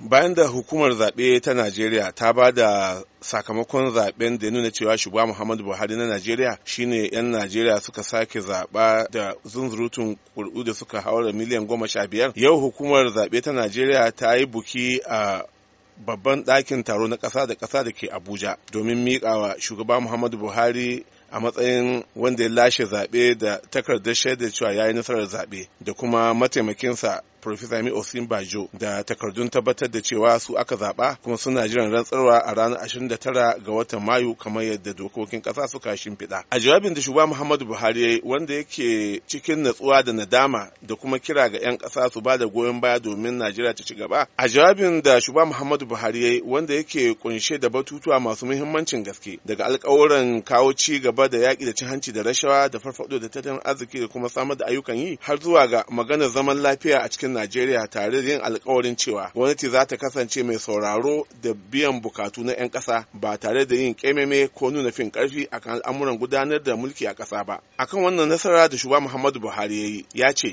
bayan da hukumar zaɓe ta najeriya ta ba da sakamakon zaɓen da nuna cewa shugaba muhammadu buhari na najeriya shine 'yan najeriya suka sake zaɓa da zunzurutun ƙuri'u da suka haura miliyan goma sha biyar yau hukumar zaɓe ta najeriya ta yi buki a babban ɗakin taro na ƙasa da ƙasa da ke abuja domin miƙawa shugaba muhammadu buhari a matsayin wanda ya lashe zaɓe da takardar shaidar cewa ya yi nasarar zaɓe da kuma mataimakinsa Profesa Mi Osin Bajo da takardun tabbatar da cewa su aka zaba kuma suna jiran rantsarwa a ranar 29 ga watan Mayu kamar yadda dokokin kasa suka shimfiɗa. A jawabin da shugaba Muhammadu Buhari wanda yake cikin natsuwa da nadama da kuma kira ga 'yan ƙasa su ba da goyon baya domin Najeriya ta ci gaba. A jawabin da shugaba Muhammadu Buhari wanda yake kunshe da batutuwa masu muhimmancin gaske daga alƙawuran kawo ci gaba da yaƙi da cin hanci da rashawa da farfaɗo da tattalin arziki da kuma samar da ayyukan yi har zuwa ga maganar zaman lafiya a cikin arewacin Najeriya tare da yin alkawarin cewa gwamnati za ta kasance mai sauraro da biyan bukatu na 'yan ƙasa ba tare da yin ƙememe ko nuna fin ƙarfi kan al'amuran gudanar da mulki a ƙasa ba. Akan wannan nasara da shugaba Muhammadu Buhari ya yi ya ce.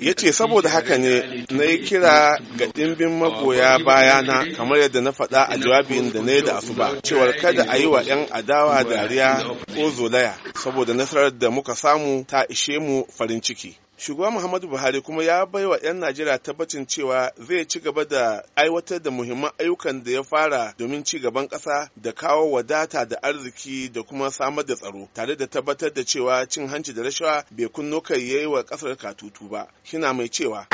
Ya ce saboda haka ne na yi kira ga ɗimbin magoya bayana kamar yadda na faɗa a jawabin da na yi da asuba cewar kada a yi wa 'yan adawa dariya ko zolaya saboda nasarar da muka samu ta ishe mu farin ciki. Shugaba Muhammadu Buhari kuma ya bai wa 'yan Najeriya tabbacin cewa zai ci gaba da aiwatar da muhimman ayyukan da ya fara domin ci gaban ƙasa da kawo wadata da arziki da kuma samar da tsaro, tare da tabbatar da cewa cin hanci da rashawa bai kunno kai yayi wa ƙasar katutu ba. Shina mai cewa.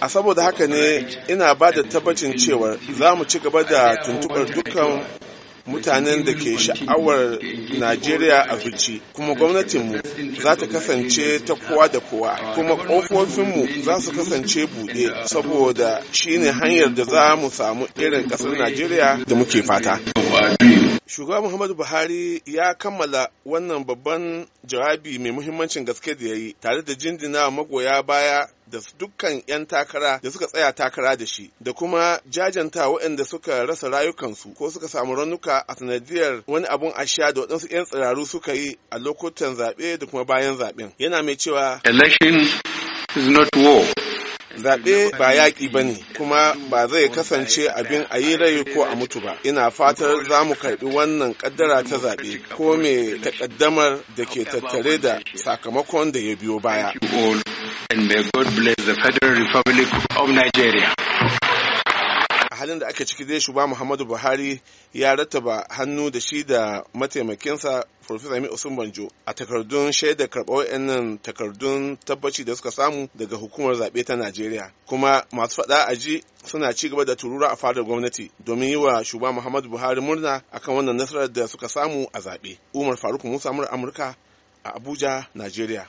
a saboda haka ne ina ba da tabbacin cewa za mu ci gaba da tuntuɓar dukkan mutanen da ke sha'awar Najeriya abinci kuma gwamnatinmu za ta kasance ta kowa da kowa kuma ƙofofinmu za su kasance buɗe saboda shine hanyar da za mu samu irin ƙasar Najeriya da muke fata. Shugaba Muhammadu Buhari ya kammala wannan babban jawabi mai muhimmancin gaske da ya yi tare da jindina magoya baya da dukkan 'yan takara da suka tsaya takara da shi da kuma jajanta waɗanda suka rasa rayukansu ko suka samu raunuka a sanadiyar wani abun a sha da waɗansu 'yan tsiraru suka yi a lokutan zaɓe da kuma bayan zaɓen yana mai cewa election is zaɓe ba yaƙi ba ne kuma ba zai kasance abin a yi rai ko a mutu ba ina fatar za mu karɓi wannan ƙaddara ta zaɓe ko mai takaddamar da ke tattare da sakamakon da ya biyo baya and may God bless the Federal Republic of Nigeria. a halin da ake ciki dai Shuba Muhammadu Buhari ya rattaba hannu da shi da mataimakinsa Profesa Mi Usman Banjo a takardun shaidar karɓar wayannan takardun tabbaci da suka samu daga hukumar zaɓe ta Najeriya. Kuma masu faɗa a ji suna ci gaba da turura a fadar gwamnati domin yi wa Shuba Muhammadu Buhari murna akan wannan nasarar da suka samu a zaɓe. Umar Faruk Musa Amurka a Abuja, Najeriya.